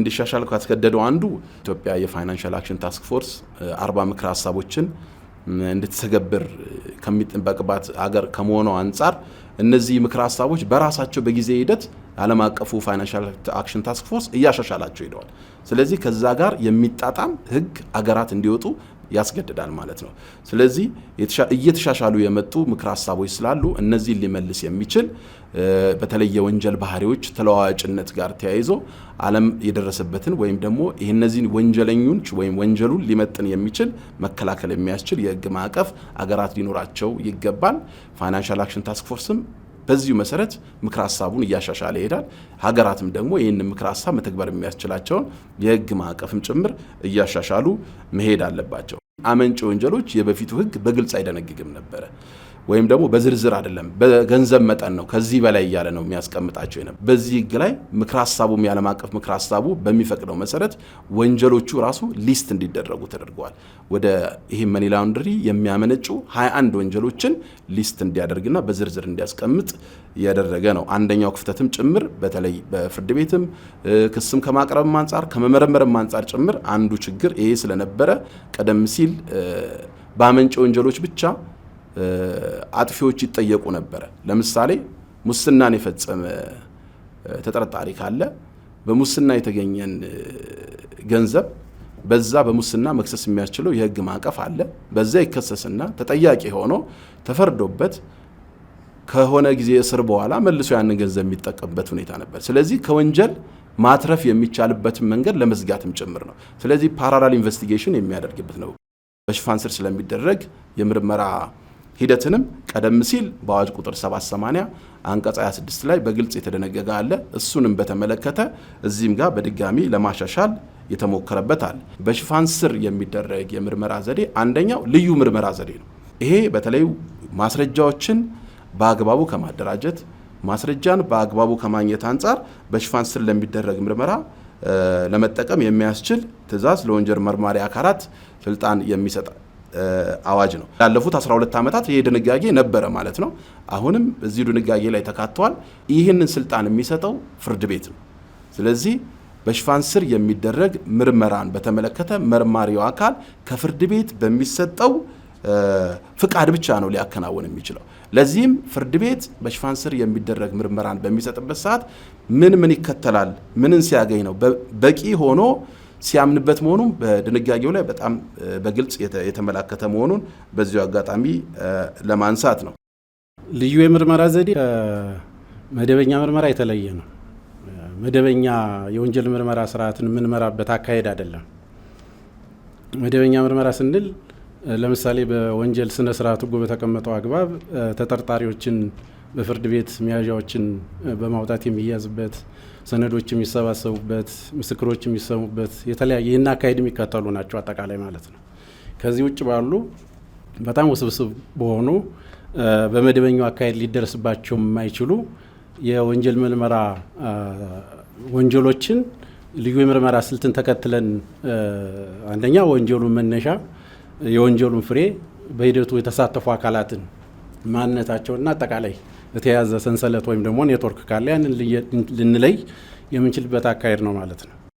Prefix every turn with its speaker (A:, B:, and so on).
A: እንዲሻሻል ካስገደደው አንዱ ኢትዮጵያ የፋይናንሻል አክሽን ታስክ ፎርስ አርባ ምክረ ሀሳቦችን እንድትተገብር ከሚጠበቅባት አገር ከመሆኗ አንጻር እነዚህ ምክረ ሀሳቦች በራሳቸው በጊዜ ሂደት ዓለም አቀፉ ፋይናንሻል አክሽን ታስክ ፎርስ እያሻሻላቸው ሄደዋል። ስለዚህ ከዛ ጋር የሚጣጣም ህግ አገራት እንዲወጡ ያስገድዳል ማለት ነው። ስለዚህ እየተሻሻሉ የመጡ ምክር ሀሳቦች ስላሉ እነዚህን ሊመልስ የሚችል በተለይ የወንጀል ባህሪዎች ተለዋዋጭነት ጋር ተያይዞ ዓለም የደረሰበትን ወይም ደግሞ እነዚህን ወንጀለኞች ወይም ወንጀሉን ሊመጥን የሚችል መከላከል የሚያስችል የህግ ማዕቀፍ አገራት ሊኖራቸው ይገባል። ፋይናንሻል አክሽን ታስክ ፎርስም በዚሁ መሰረት ምክር ሀሳቡን እያሻሻለ ይሄዳል። ሀገራትም ደግሞ ይህንን ምክር ሀሳብ መተግበር የሚያስችላቸውን የህግ ማዕቀፍም ጭምር እያሻሻሉ መሄድ አለባቸው። አመንጭ ወንጀሎች የበፊቱ ህግ በግልጽ አይደነግግም ነበረ። ወይም ደግሞ በዝርዝር አይደለም፣ በገንዘብ መጠን ነው ከዚህ በላይ እያለ ነው የሚያስቀምጣቸው ነበር። በዚህ ህግ ላይ ምክር ሀሳቡም የዓለም አቀፍ ምክር ሀሳቡ በሚፈቅደው መሰረት ወንጀሎቹ ራሱ ሊስት እንዲደረጉ ተደርገዋል። ወደ ይህ መኒ ላውንድሪ የሚያመነጩ 21 ወንጀሎችን ሊስት እንዲያደርግና በዝርዝር እንዲያስቀምጥ ያደረገ ነው። አንደኛው ክፍተትም ጭምር በተለይ በፍርድ ቤትም ክስም ከማቅረብም አንጻር ከመመረመርም አንጻር ጭምር አንዱ ችግር ይሄ ስለነበረ ቀደም ሲል በአመንጭ ወንጀሎች ብቻ አጥፊዎች ይጠየቁ ነበረ። ለምሳሌ ሙስናን የፈጸመ ተጠርጣሪ ካለ በሙስና የተገኘን ገንዘብ በዛ በሙስና መክሰስ የሚያስችለው የህግ ማዕቀፍ አለ። በዛ ይከሰስና ተጠያቂ ሆኖ ተፈርዶበት ከሆነ ጊዜ እስር በኋላ መልሶ ያንን ገንዘብ የሚጠቀምበት ሁኔታ ነበር። ስለዚህ ከወንጀል ማትረፍ የሚቻልበትን መንገድ ለመዝጋትም ጭምር ነው። ስለዚህ ፓራላል ኢንቨስቲጌሽን የሚያደርግበት ነው። በሽፋን ስር ስለሚደረግ የምርመራ ሂደትንም ቀደም ሲል በአዋጅ ቁጥር 780 አንቀጽ 26 ላይ በግልጽ የተደነገገ አለ። እሱንም በተመለከተ እዚህም ጋር በድጋሚ ለማሻሻል የተሞከረበት አለ። በሽፋን ስር የሚደረግ የምርመራ ዘዴ አንደኛው ልዩ ምርመራ ዘዴ ነው። ይሄ በተለይ ማስረጃዎችን በአግባቡ ከማደራጀት ማስረጃን በአግባቡ ከማግኘት አንጻር በሽፋን ስር ለሚደረግ ምርመራ ለመጠቀም የሚያስችል ትዕዛዝ ለወንጀል መርማሪ አካላት ስልጣን የሚሰጥ አዋጅ ነው። ላለፉት 12 ዓመታት ይህ ድንጋጌ ነበረ ማለት ነው። አሁንም እዚህ ድንጋጌ ላይ ተካተዋል። ይህንን ስልጣን የሚሰጠው ፍርድ ቤት ነው። ስለዚህ በሽፋን ስር የሚደረግ ምርመራን በተመለከተ መርማሪው አካል ከፍርድ ቤት በሚሰጠው ፍቃድ ብቻ ነው ሊያከናውን የሚችለው። ለዚህም ፍርድ ቤት በሽፋን ስር የሚደረግ ምርመራን በሚሰጥበት ሰዓት ምን ምን ይከተላል፣ ምንን ሲያገኝ ነው በቂ ሆኖ ሲያምንበት መሆኑም በድንጋጌው ላይ በጣም በግልጽ የተመላከተ መሆኑን በዚሁ አጋጣሚ ለማንሳት ነው።
B: ልዩ የምርመራ ዘዴ ከመደበኛ ምርመራ የተለየ ነው። መደበኛ የወንጀል ምርመራ ስርዓትን የምንመራበት አካሄድ አይደለም። መደበኛ ምርመራ ስንል ለምሳሌ በወንጀል ስነ ስርዓት ሕጉ በተቀመጠው አግባብ ተጠርጣሪዎችን በፍርድ ቤት መያዣዎችን በማውጣት የሚያዝበት፣ ሰነዶች የሚሰባሰቡበት፣ ምስክሮች የሚሰሙበት የተለያየ ይህን አካሄድ የሚከተሉ ናቸው አጠቃላይ ማለት ነው። ከዚህ ውጭ ባሉ በጣም ውስብስብ በሆኑ በመደበኛው አካሄድ ሊደርስባቸው የማይችሉ የወንጀል ምርመራ ወንጀሎችን ልዩ የምርመራ ስልትን ተከትለን አንደኛ ወንጀሉን መነሻ የወንጀሉን ፍሬ በሂደቱ የተሳተፉ አካላትን ማንነታቸውና አጠቃላይ የተያዘ ሰንሰለት ወይም ደግሞ ኔትወርክ ካለ ያንን ልንለይ የምንችልበት አካሄድ ነው ማለት ነው።